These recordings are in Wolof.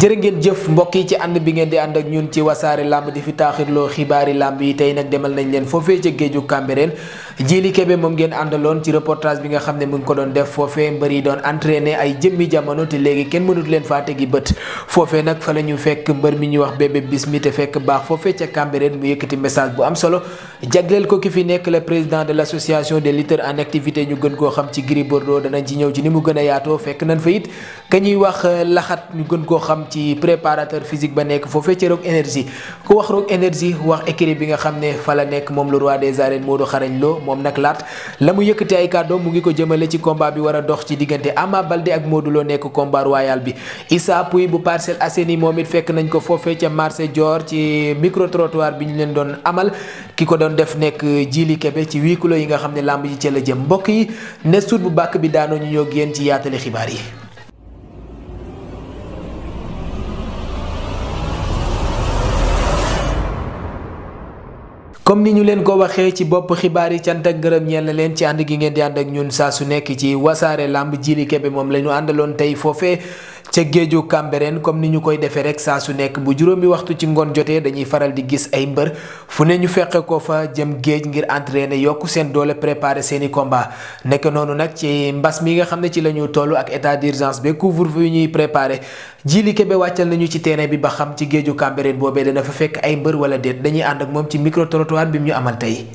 jërë jëf mbokk yi ci ànd bi ngeen di ànd ak ñun ci wasaare làmb di fi taaxirloo xibaari làmb yi tey nag demal nañ leen foofee ca géeju Cambérène Jili Kébé moom ngeen àndaloon ci reportage bi nga xam ne mu ngi ko doon def foofee mbër yi doon entraîné ay jëmmi jamono te léegi kenn mënut leen faa tegi bët foofee nag fa la ñu fekk mbër mi ñuy wax Bébé Bismi te fekk baax foofee ca Cambérène mu yëkkati message bu am solo jagleel ko ki fi nekk le président de l' association des lutteurs en activité ñu gën koo xam ci Gris Bordeaux danañ ci ñëw ci ni mu gën a yaatoo fekk nañ fa it ka ñuy wax euh, laxat ñu gën koo xam ci préparateur physique ba nekk foofee ca Rock Énergie ku wax Rock Énergie wax écurie bi nga xam ne fa la nekk moom le roi des arènes Modou Xarañ Lo moom nag laat la mu yëkkati ay kàddoom mu ngi ko jëmale ci combat bi war a dox ci diggante Ama Baldé ak Modou Lo nekk combat royal bi Issa Pouye bu Parcelles Assainies moom it fekk nañ ko foofee ca marché Dior ci micro bi ñu leen doon amal ki ko doon def nekk Jili Kebe ci huis clos yi nga xam ne làmb ji ca la jëm mbokk yi ne suut bu bàkk bi daanoo ñu ñoo génn ci yaatale xibaar yi comme ni ñu leen ko waxee ci bopp xibaar yi cant ak ngërëm ñeel na ci ànd gi ngeen di ànd ak ñun saa su nekk ci wasaare làmb Jili Kebe moom la ñu àndaloon tey foofee ca géeju Cambérène comme ni ñu koy defee rek saa su nekk bu juróomi waxtu ci ngoon jotee dañuy faral di gis ay mbër fu ne ñu fexe ko fa jëm géej ngir entraîner yokk seen doole prépare seeni combat nekk noonu nag ci mbas mi nga xam ne ci la ñu toll ak état d'urgence bi couvre-feu yu ñuy préparer Djily Kébé wàccal nañu ci terrain bi ba xam ci géeju Cambérène boobee dana fa fekk ay mbër wala déet dañuy ànd ak moom ci micro bi mu ñu amal tey.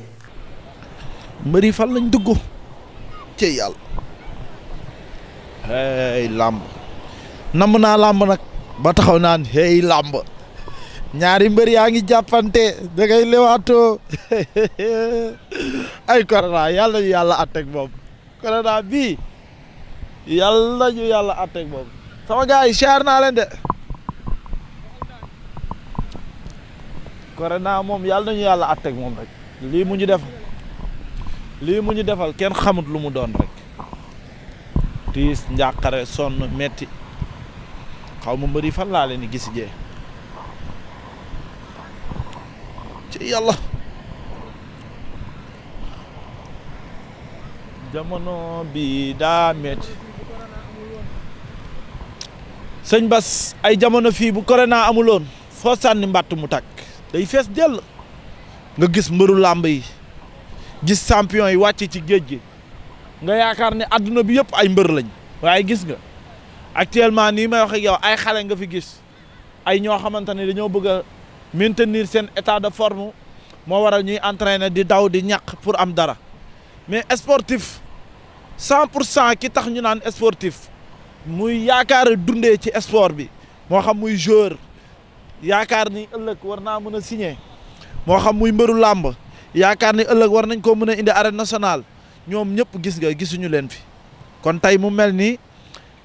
mbër lañ dugg ci làmb. namm naa làmb nag ba taxaw naan hey làmb ñaari mbër yaa ngi jàppante da ngay lewaatoo ay corona yàlla ñu yàlla àtteeg moom corona bii yàlla ñu yàlla àtteeg moom sama yi siyaar naa leen de corona moom yàlla nañu yàlla àtteeg moom rek lii mu ñu defal lii mu ñu defal kenn xamut lu mu doon rek tiis njàqare sonn metti xaw ma mbëri fan laa leen di gis jee ci yàlla jamono bi daa metti sëñ Bas ay jamono fii bu naa amuloon foo sànni mbàtt mu takk day fees dell nga gis mbëru làmb yi gis champion yi wàcc ci géej gi nga yaakaar ni àdduna bi yëpp ay mbër lañ waaye gis nga actuellement nii may wax yow ay xale nga fi gis ay ñoo xamante ne dañoo bëgg a seen état de forme moo waral ñuy entraîner di daw di ñàq pour am dara mais sportif cent pour cent ki tax ñu naan sportif muy yaakaar dundee ci sport bi moo xam muy joueur yaakaar ni ëllëg war naa mën a signer moo xam muy mbëru làmb yaakaar ni ëllëg war nañ ko mën a indi arène nationale ñoom ñëpp gis nga gisuñu leen fi kon tey mu mel ni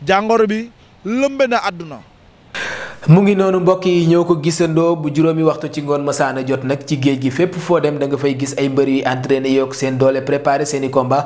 jàngoro bi lëmbe na àdduna. mu ngi noonu mbokk yi ñoo ko gisandoo bu juróomi waxtu ci ngoon masaana jot nag ci géej gi fépp foo dem da nga fay gis ay mbër yuy entraîné yokk seen doole préparé seeni i combat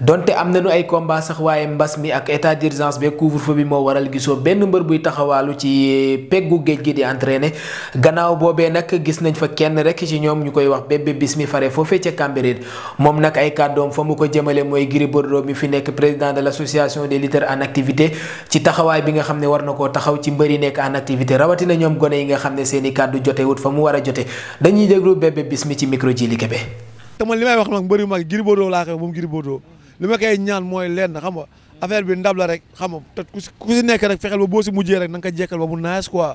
donte am nañu ay combat sax waaye mbas mi ak état d'urgence be couvre-feu bi moo waral gisoo benn mbër buy taxawaalu ci peggu géej gi di entraîné gannaaw boobee nag gis nañ fa kenn rek ci ñoom ñu koy wax bébé bis mi fare foofee ca Cambérène moom nag ay kàddoom fa mu ko jëmale mooy Gris Bordeaux mi fi nekk président de l'association des lutteurs en activité ci taxawaay bi nga xam ne war na koo taxaw ci mbër yi nekk en activité rawatina ñoom gone yi nga xam ne seen i kàddu jotewut fa mu war a jote dañuy déglu bébé bis mi ci micro ji li kebe li wax nag mbër yu mag Gris Bordeaux laa li ma koy ñaan mooy leen xam nga affaire bi ndab la rek xam nga te ku si ku si nekk rek fexeel ba boo si mujjee rek na nga ko jekkal ba mu naas ñoom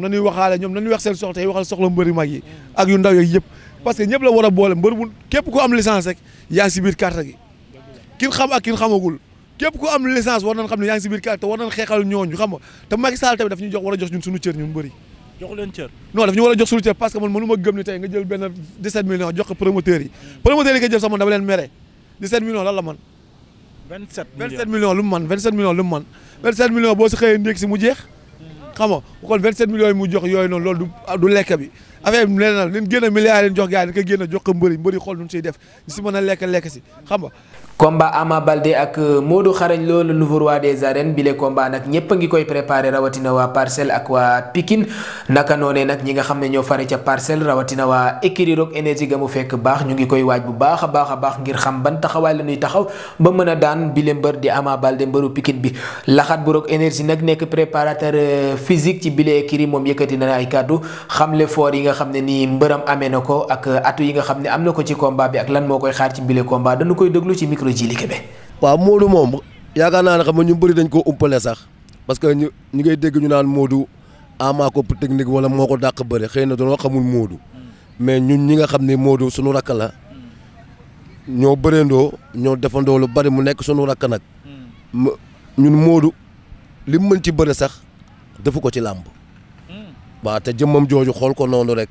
nañuy waxaale ñoom nañuy wax seen soxla yi waxal soxla mbër yu mag yi ak yu ndaw yooyu yëpp parce que ñëpp la war a boole mbër bu képp ku am licence rek yaa ngi si biir gi kin xam ak kin xamagul am licence war nañ xam ne yaa ngi si biir te war nañ xeexal ñooñu xam nga te Macky Sall tamit daf ñu jox war a jox ñun suñu cër ñun mbëri jox leen cër non daf ñu war a jox suñu cër parce que man mënu ma gëm ni tey nga jël benn 17 millions jox ko yi promoteurs yi nga jël sax man dama leen mere 17 millions lan la man 27 millions 27 millions lu man 27 millions lu mu boo si xëyee ndéeg mu jeex xam nga kon 27 millions yi mu jox yooyu noonu loolu du du bi affaire bi leen nag leen génn jox gars yi dañ koy génn jox ko mbëri mbëri xool nu ñu def si mën a lekk lekk si xam nga. combat Ama Baldé ak euh, Modou Xarañ Lo le nouveau de des arènes bile combat nag ñëpp a ngi koy préparé rawatina waa Parcelles ak waa Pikine naka noonee nag ñi nga xam ne ñoo fare ca Parcelles rawatina waa écurie Rock Énergie ga mu fekk baax ñu ngi koy waaj bu baax a baax a baax ngir xam ban taxawaay la ñuy taxaw ba mën a daan bile mbër di Ama Baldé mbëru Pikine bi laxaat bu Rock Énergie nag nekk préparateur euh, physique ci bile écurie moom yëkkati na ay kàddu nga xam ne nii mbëram amee na ko ak uh, atu yi nga xam ne am na ko ci combat bi ak lan moo koy xaar ci mbile combat dañu koy déglu ci micro ji liggéey bi. waaw Modou moom yaakaar naa ne xam nga ñu bëri dañ koo umpale sax parce que ñu ñu ngay dégg ñu naan Modou amaa ko technique wala moo ko dàq bëri xëy na dañoo xamul Modou mais ñun ñi nga xam ne Modou suñu rakk la ñoo bëreendoo ñoo defandoo lu bari mu nekk suñu rakk nag hmm. ñun Modou li mu mën ci bëri sax defu ko ci làmb. waaw te jëmmam jooju xool ko noonu rek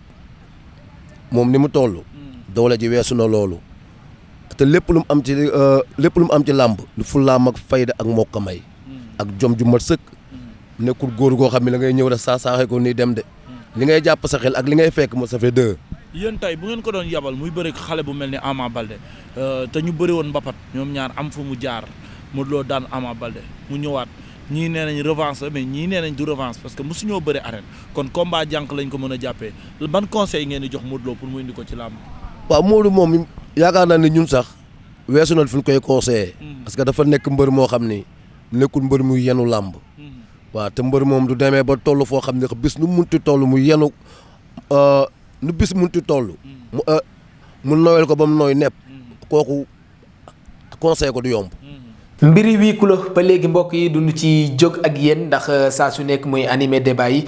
moom ni mu toll. Hmm. doole ji weesu na loolu. te lépp lu mu am ci euh, lépp lu mu am ci làmb. lu fullaam ak fayda ak mokka may. Hmm. ak jom ju mat sëkk. Hmm. nekkul góor goo xam ne la ngay ñëw rek saa saaxee nii dem de. li ngay jàpp saxel ak li ngay fekk ma sa fait deux. yéen tey bu ngeen ko doon yabal muy bëri xale bu mel ni Ama Balde euh, te ñu bëri woon bappat ñoom ñaar am fu mu jaar mu loo daan Ama Balde mu ñëwaat. ñii nee nañ revanche la ñii nee nañ du revanche parce que mosuñoo bëri arène kon combat jànq lañ ko mën a jàppee ban conseil ngeen di jox mu Lo pour mu indi ko ci làmb. waaw Modou moom yaakaar naa ne ñun sax weesu na fi ñu koy conseillé. Hmm. parce que dafa nekk mbër moo xam ni nekkul mbër muy yenu làmb. Hmm. waaw te mbër moom du demee ba toll foo xam ne bis nu munti toll mu yenu euh, nu bis munti toll. Hmm. mu euh, mu noyal ko ba mu nooy nepp. kooku conseil ko du yomb. mbir wii kula ba léegi mbokk yi dund ci jóg ak yéen ndax euh, saa su nekk mooy animé débat yi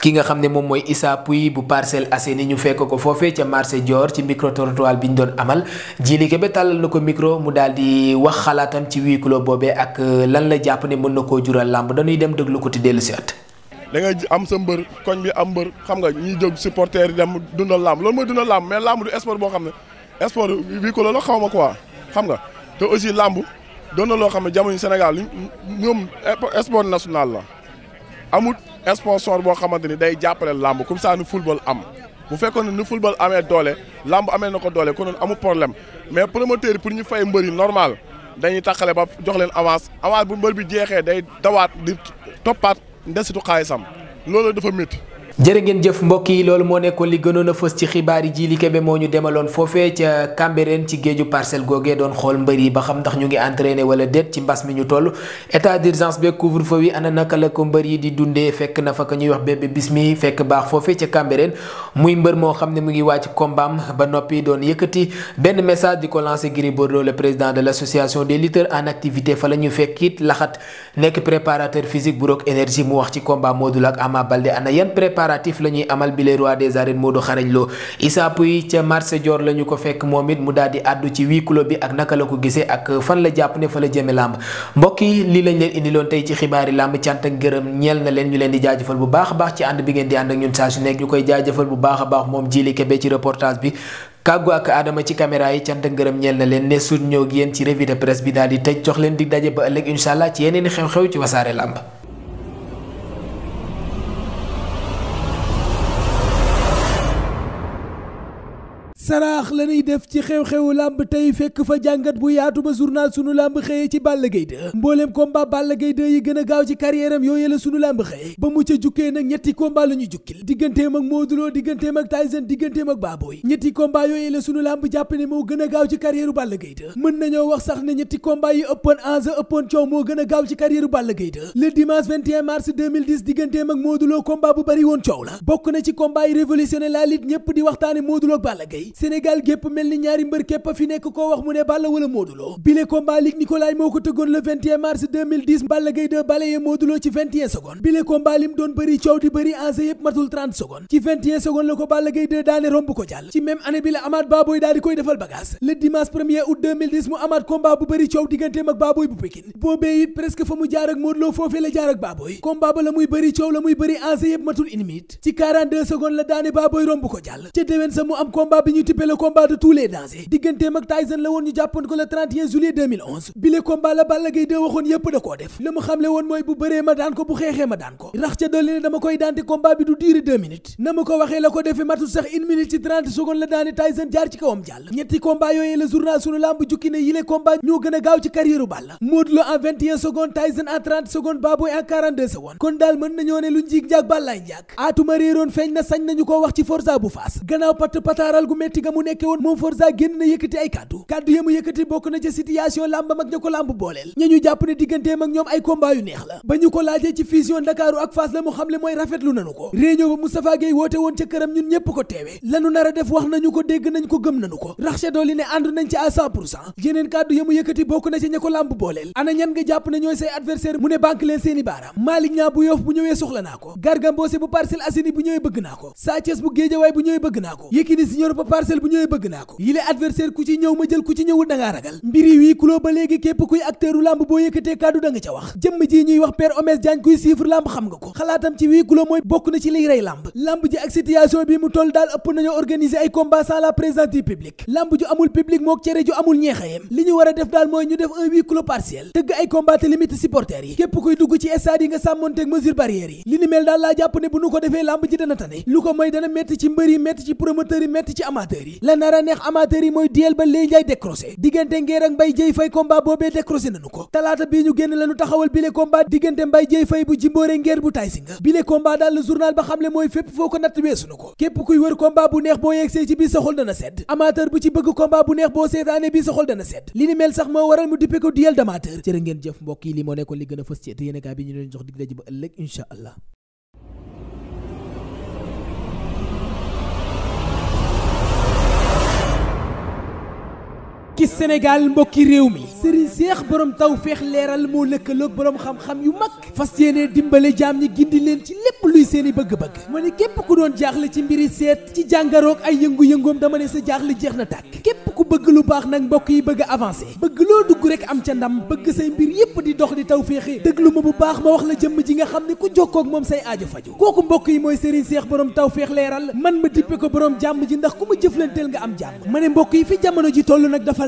ki nga xam ne moom mooy Issa Pouye bu Parcelles ni ñu fekk ko foofee ca marché Dior ci micro trottoir bi ñu doon amal Djily Kébé tàllal na ko micro mu daal di wax xalaatam ci wii kula boobee ak euh, lan la jàpp ne mën na koo jural làmb danuy dem déglu ko ti dellu si at da am sa mbër koñ bi am mbër xam nga ñu jóg supporter yi dem dundal làmb loolu mooy dundal làmb mais làmb du sport boo xam ne sport wii kula la xaw ma quoi xam nga làmb doon na loo xam ne jamono Sénégal ñoom sport national la amut sponsor boo xamante ni day jàppale lamb comme ça nu am bu fekkoon ne nu football amee doole lamb amee na ko doole konoon amu problème mais promoteur yi pour ñu fay mbër yi normal dañuy taxale ba jox leen avance avance bu mbër bi jeexee day dawaat di toppaat ndesitu xaalisam loolu dafa métti jërë ngeen jëf mbokk yi loolu moo nekkoon li gënoon a fës ci xibaar yi li Kébé moo ñu demaloon foofee ca Cambérène ci géeju parcelle googee doon xool mbër yi ba xam ndax ñu ngi entraîné wala déet ci mbas mi ñu toll état d'urgence beeg couvre-feu wi ana naka la ko mbër yi di dundee fekk na fa ka ñuy wax bis mi fekk baax foofee ca Cambérène muy mbër moo xam ne mu ngi wàcc kombaam ba noppi doon yëkkati benn message di ko lancé Gris Bordeaux le président de l'association des lutteurs en activité fa la ñu fekk it laxat nekk préparateur physique bu Rock Énergie mu wax ci combat Modou Lo ana yan préparatif la ñuy amal bi les rois des arènes Modou Xarañ Lo Issa Pouye ca marché Dior la ko fekk moom it mu daal di àddu ci huis clos bi ak naka la ko gisee ak fan la jàpp ne fa la jëme làmb mbokk yi lii lañ leen indiloon tey ci xibaari làmb cant ak gërëm ñeel na leen ñu leen di jaajëfal bu baax baax ci ànd bi ngeen di ànd ak ñun saa su nekk ñu koy jaajëfal bu baax a baax moom Jili Kebe ci reportage bi kàggu ak Adama ci caméra yi cant ak gërëm ñeel na leen ne suñu ñëw ak yéen ci revue daal di tëj jox leen di daje ba ëllëg incha allah ci yeneen xew-xew ci wasaare làmb saraax la ñuy def ci xew-xewu làmb tey fekk fa jàngat bu yaatu ba journal sunu làmb xëyee ci Balla Gaye 2 mbooleem combat Balla Gaye 2 yi gën a gaaw ci carrière am yooyu la sunu làmb xëyee ba mu ca jukkee nag ñetti combat la ñu jukkil digganteem ak Modou Lo digganteem ak Tyson digganteem ak Baboy ñetti combat yooyu la sunu làmb jàpp ne moo gën gaaw ci carrière Balla Gaye 2 mën nañoo wax sax ne ñetti combat yi ëppoon enjeu ëppoon coow moo gën gaaw ci carrière Balla Gaye 2 le dimanche 21 mars 2010 digganteem ak Modou Lo combat na ci combat yi révolutionné la lutte ñëpp di waxtaane Modou Lo Sénégal gépp mel ni ñaari mbër képp a fi nekk koo wax mu ne Balla wala Modou Lo bile combat Luc moo ko tëggoon le mars 2010 Balla Gaye 2 balayé ci 21 secondes bile lim doon bëri coow di bëri enjeu yépp matul 30 secondes ci 21 la ko Balla Gaye daane romb ko jàll ci même année la amaat Baboy daal di koy defal bagage le dimanche 1er mu amaat combat bu bëri coow digganteem ak Baboy bu Pikine boobee it fa mu jaar ak Modou intitulé le combat de tous les digganteem ak Tyson la woon ñu jàppoon ko le 31 bile combat la Balla Gaye 2 waxoon yépp da koo def la mu xamle woon mooy bu bëree ma daan ko bu xeexee ma daan ko rax ca dolli ne dama koy daante combat bi du durer 2 na ma ko waxee la ko defee matul sax une minute ci 30 secondes la daane Tyson jaar ci kawam jàll ñetti combat yooyu la journal sunu lamb jukki ne yile combat ñoo gën a gaaw ci carrière Balla Modou metti ga mu nekke woon moom Forza génn na yëkkati ay kàddu kàddu ya mu yëkkati bokk na ca situation làmb mag ña ko làmb booleel ña ñu jàpp ne digganteem ak ñoom ay combat yu neex la ba ñu ko laajee ci fusion Ndakaaru ak Fass la mu xamle mooy rafetlu nanu ko réunion ba Moustapha Gueye woote woon ca këram ñun ñépp ko teewe lanu nar def wax nañu ko dégg nañ ko gëm nañu ko rax ca dolli ne ànd nañ ci à pour cent yeneen kàddu ya mu yëkkati bokk na ca ña parcelle bu ñëwee bëgg naa ko yile adversaire ku ci ñëw ma jël ku ci ñëwul dangaa ragal mbiri wii ba léegi képp kuy acteuru lamb boo yëkkatee kàddu da nga ca wax jëmm ji ñuy wax père Omès Diagne kuy suivre lamb xam nga ko xalaatam ci wii mooy bokk na ci liy rey lamb lamb ji ak situation bi mu toll daal ëpp nañoo organiser ay combat sans la présence du public lamb ju amul public mook cere ju amul ñeexayem li ñu war a def daal mooy ñu def un huis clos partiel amateur yi la nar a neex amateur yi mooy duel ba Leye Ndiaye décroché diggante Nguer ak Mbaye Dieye Faye combat boobee décroché nañu ko talaata bii ñu génn lañu taxawal bile combat diggante Mbaye Dieye Faye bu jimboore Nguer bu tay si nga bile combat daal journal ba xamle mooy fépp foo ko natt weesunu ko képp kuy wër combat bu neex boo yegsee ci bii sa xol dana sedd amateur bu ci bëgg combat bu neex boo seetaane bii sa xol dana sedd li ni mel sax moo waral mu dippe ko duel a fës mbokki Sénégal mbokki réew mi sëriñ seex borom taw feex leeral moo lëkkaloog borom xam-xam yu mag fas yéene dimbale jaam ñi gindi leen ci lépp luy seeni bëgg-bëgg ma ne képp ku doon jaaxle ci mbir yi seet ci jàngaroog ay yëngu-yëngoom dama ne sa jaaxle jeex na tàkk képp ku bëgg lu baax nag mbokk yi bëgg a avancé bëgg loo dugg rek am ca ndam bëgg say mbir yépp di dox di taw féexe déglu ma bu baax ma wax la jëmm ji nga xam ne ku jokkoo ak moom say aajo kooku mbokk yi mooy sëriñ seex borom taw feex leeral man ma dippe ko borom jàmm ji ndax ku jëflanteel nga am jàmm ma ne mbokk yi fi ji toll nag dafa